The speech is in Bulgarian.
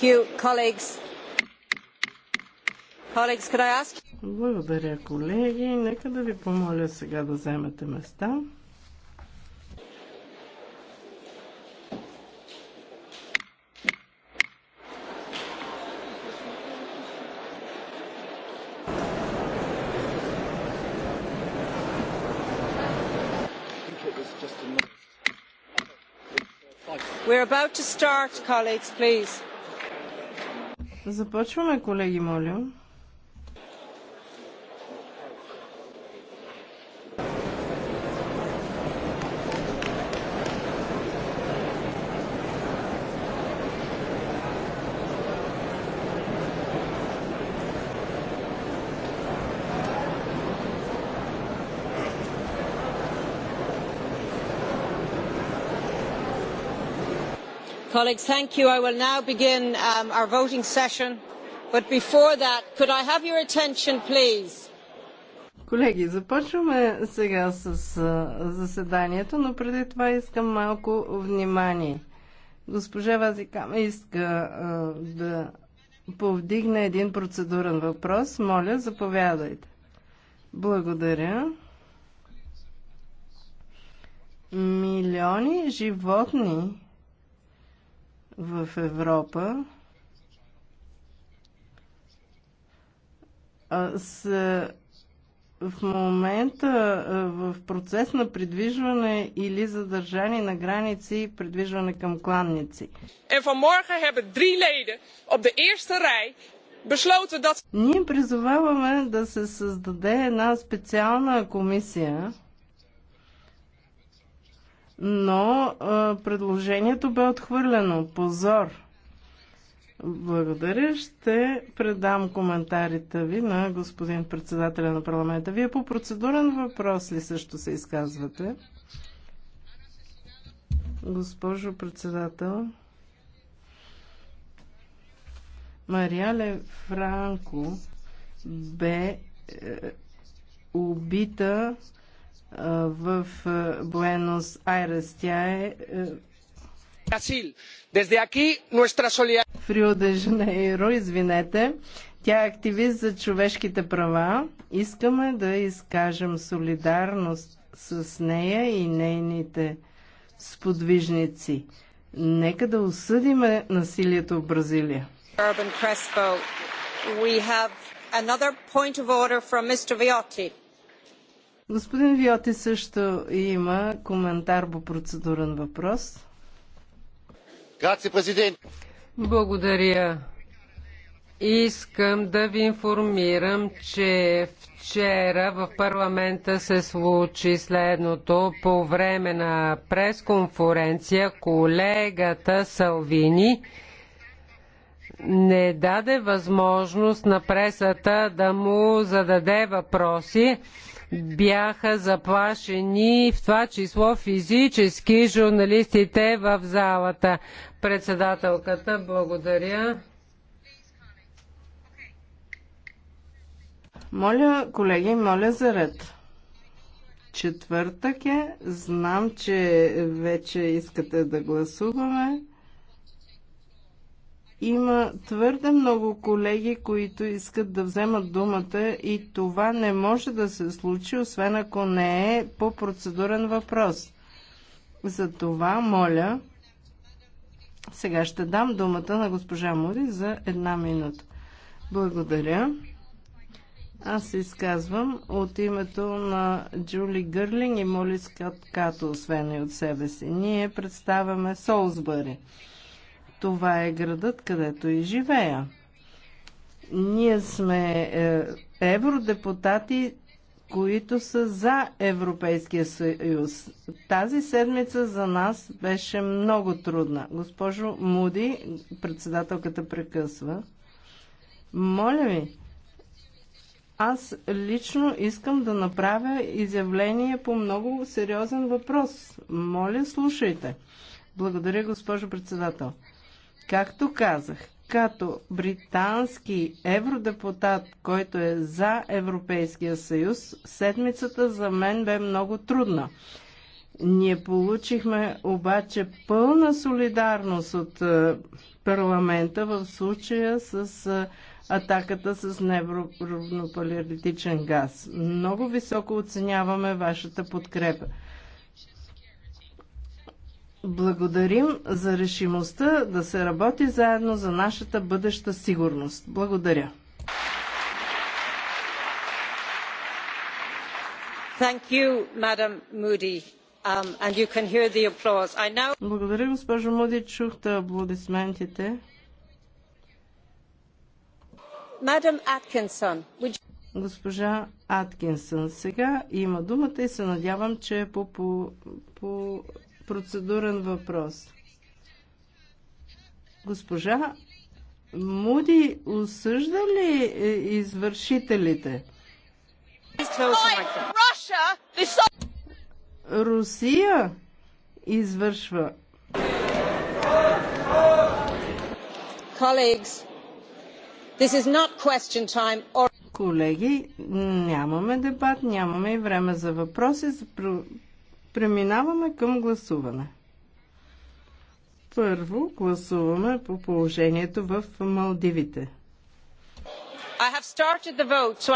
You, colleagues. Colleagues, ask... Благодаря, колеги. Нека да ви помоля сега да вземете места. We're about to start, colleagues, please. Започваме, колеги, моля. colleagues thank you i will now begin um, our voting session but before that could i have your attention please Колеги, започваме сега с заседанието, но преди това искам малко внимание. Госпожа Вазикама иска да повдигне един процедурен въпрос. Моля, заповядайте. Благодаря. Милиони животни в Европа са в момента в процес на придвижване или задържани на граници и придвижване към кланници. Ние призоваваме да се създаде една специална комисия, но а, предложението бе отхвърлено. Позор! Благодаря. Ще предам коментарите ви на господин председателя на парламента. Вие по процедурен въпрос ли също се изказвате? Госпожо председател, Мариале Франко бе е, убита в Буенос Айрес. Тя е, е в Рио де Жанейро, извинете. Тя е активист за човешките права. Искаме да изкажем солидарност с нея и нейните сподвижници. Нека да осъдиме насилието в Бразилия. Urban Crespo, we have another point of order from Mr. Viotti. Господин Виоти също има коментар по процедурен въпрос. президент! Благодаря. Искам да ви информирам, че вчера в парламента се случи следното. По време на пресконференция колегата Салвини не даде възможност на пресата да му зададе въпроси бяха заплашени, в това число физически, журналистите в залата. Председателката, благодаря. Моля, колеги, моля за ред. Четвъртък е. Знам, че вече искате да гласуваме. Има твърде много колеги, които искат да вземат думата и това не може да се случи, освен ако не е по процедурен въпрос. За това, моля, сега ще дам думата на госпожа Мури за една минута. Благодаря. Аз се изказвам от името на Джули Гърлинг и Молис Като, освен и от себе си. Ние представяме Солсбъри. Това е градът, където и живея. Ние сме е, евродепутати, които са за Европейския съюз. Тази седмица за нас беше много трудна. Госпожо Муди, председателката прекъсва. Моля ви, аз лично искам да направя изявление по много сериозен въпрос. Моля, слушайте. Благодаря, госпожо председател. Както казах, като британски евродепутат, който е за Европейския съюз, седмицата за мен бе много трудна. Ние получихме обаче пълна солидарност от е, парламента в случая с е, атаката с невропалиолитичен газ. Много високо оценяваме вашата подкрепа благодарим за решимостта да се работи заедно за нашата бъдеща сигурност. Благодаря. Благодаря, госпожо Муди. Чухте аплодисментите. Госпожа Аткинсън сега има думата и се надявам, че е по, по, по процедурен въпрос. Госпожа Муди осъжда ли е, извършителите? Русия извършва. Колеги, нямаме дебат, нямаме и време за въпроси. Преминаваме към гласуване. Първо гласуваме по положението в Малдивите. I have started the vote, so